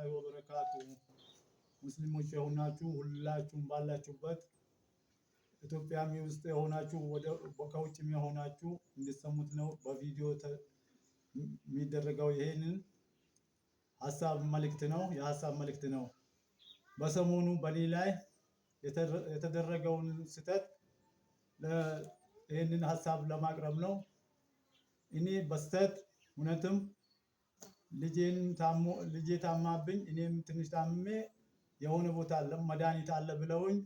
ወራህመቱላሂ ወበረካቱ። ሙስሊሞች የሆናችሁ ሁላችሁም ባላችሁበት ኢትዮጵያም ውስጥ የሆናችሁ ከውጭም የሆናችሁ እንድትሰሙት ነው በቪዲዮ የሚደረገው ይሄንን ሀሳብ መልእክት ነው። የሀሳብ መልእክት ነው። በሰሞኑ በኔ ላይ የተደረገውን ስህተት ይህንን ሀሳብ ለማቅረብ ነው። እኔ በስህተት እውነትም ልጄ ታማብኝ እኔም ትንሽ ታምሜ የሆነ ቦታ አለ መድኃኒት አለ ብለውኝ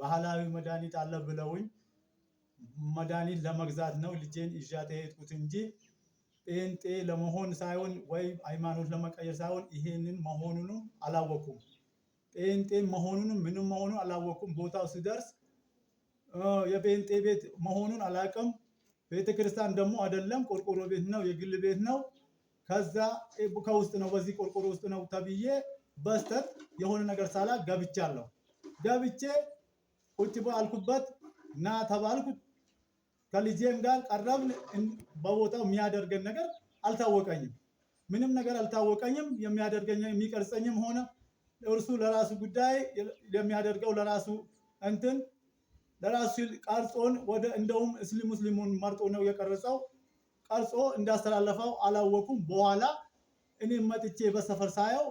ባህላዊ መድኃኒት አለ ብለውኝ መድኃኒት ለመግዛት ነው ልጄን ይዣት የሄድኩት እንጂ ጴንጤ ለመሆን ሳይሆን ወይም ሃይማኖት ለመቀየር ሳይሆን ይሄንን መሆኑንም አላወኩም። ጴንጤ መሆኑንም ምንም መሆኑን አላወኩም። ቦታው ስደርስ የጴንጤ ቤት መሆኑን አላውቅም። ቤተክርስቲያን ደግሞ አይደለም፣ ቆርቆሮ ቤት ነው፣ የግል ቤት ነው። ከዛ ከውስጥ ነው በዚህ ቆርቆሮ ውስጥ ነው ተብዬ በስተት የሆነ ነገር ሳላ ገብቻለሁ። ገብቼ ቁጭ ባልኩበት ና ተባልኩት። ከልጄም ጋር ቀረብን። በቦታው የሚያደርገን ነገር አልታወቀኝም፣ ምንም ነገር አልታወቀኝም። የሚያደርገኝ የሚቀርጸኝም ሆነ እርሱ ለራሱ ጉዳይ የሚያደርገው ለራሱ እንትን ለራሱ ቀርጾን ወደ እንደውም እስሊም ሙስሊሙን መርጦ ነው የቀረጸው። ቀርጾ እንዳስተላለፈው አላወቁም። በኋላ እኔ መጥቼ በሰፈር ሳየው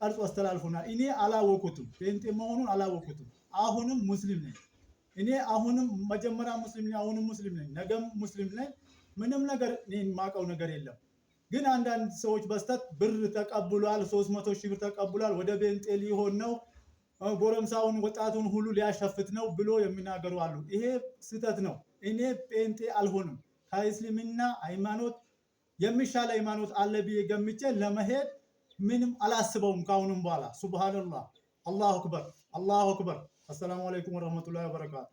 ቀርጾ አስተላልፎናል። እኔ አላወቁትም፣ ጴንጤ መሆኑን አላወቁትም። አሁንም ሙስሊም ነኝ እኔ አሁንም መጀመሪያ ሙስሊም ነኝ፣ አሁንም ሙስሊም ነኝ፣ ነገም ሙስሊም ነኝ። ምንም ነገር እኔ የማውቀው ነገር የለም። ግን አንዳንድ ሰዎች በስተት ብር ተቀብሏል፣ ሶስት መቶ ሺህ ብር ተቀብሏል፣ ወደ ጴንጤ ሊሆን ነው፣ ጎረምሳውን ወጣቱን ሁሉ ሊያሸፍት ነው ብሎ የሚናገሩ አሉ። ይሄ ስህተት ነው። እኔ ጴንጤ አልሆንም። ከእስልምና ሃይማኖት የሚሻል ሃይማኖት አለ ብዬ ገምቼ ለመሄድ ምንም አላስበውም ከአሁንም በኋላ። ሱብሃነላህ፣ አላሁ አክበር፣ አላሁ አክበር። አሰላሙ አለይኩም ወረህመቱላሂ ወበረካቱ።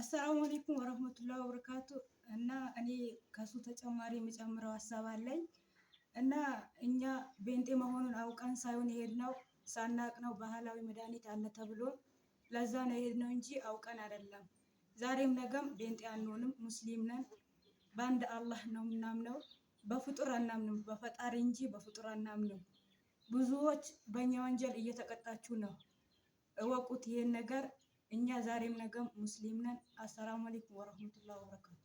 አሰላሙ አለይኩም ወረህመቱላሂ ወበረካቱ። እና እኔ ከሱ ተጨማሪ የምጨምረው ሀሳብ አለኝ እና እኛ ቤንጤ መሆኑን አውቀን ሳይሆን የሄድነው ሳናቅ ነው። ባህላዊ መድኃኒት አለ ተብሎ ለዛ ነው የሄድነው እንጂ አውቀን አይደለም። ዛሬም ነገም ቤንጤ አንሆንም፣ ሙስሊም ነን። በአንድ አላህ ነው የምናምነው። በፍጡር አናምንም፣ በፈጣሪ እንጂ በፍጡር አናምንም። ብዙዎች በእኛ ወንጀል እየተቀጣችሁ ነው፣ እወቁት ይህን ነገር። እኛ ዛሬም ነገም ሙስሊም ነን። አሰላሙ አለይኩም ወረህመቱላሂ ወበረካቱ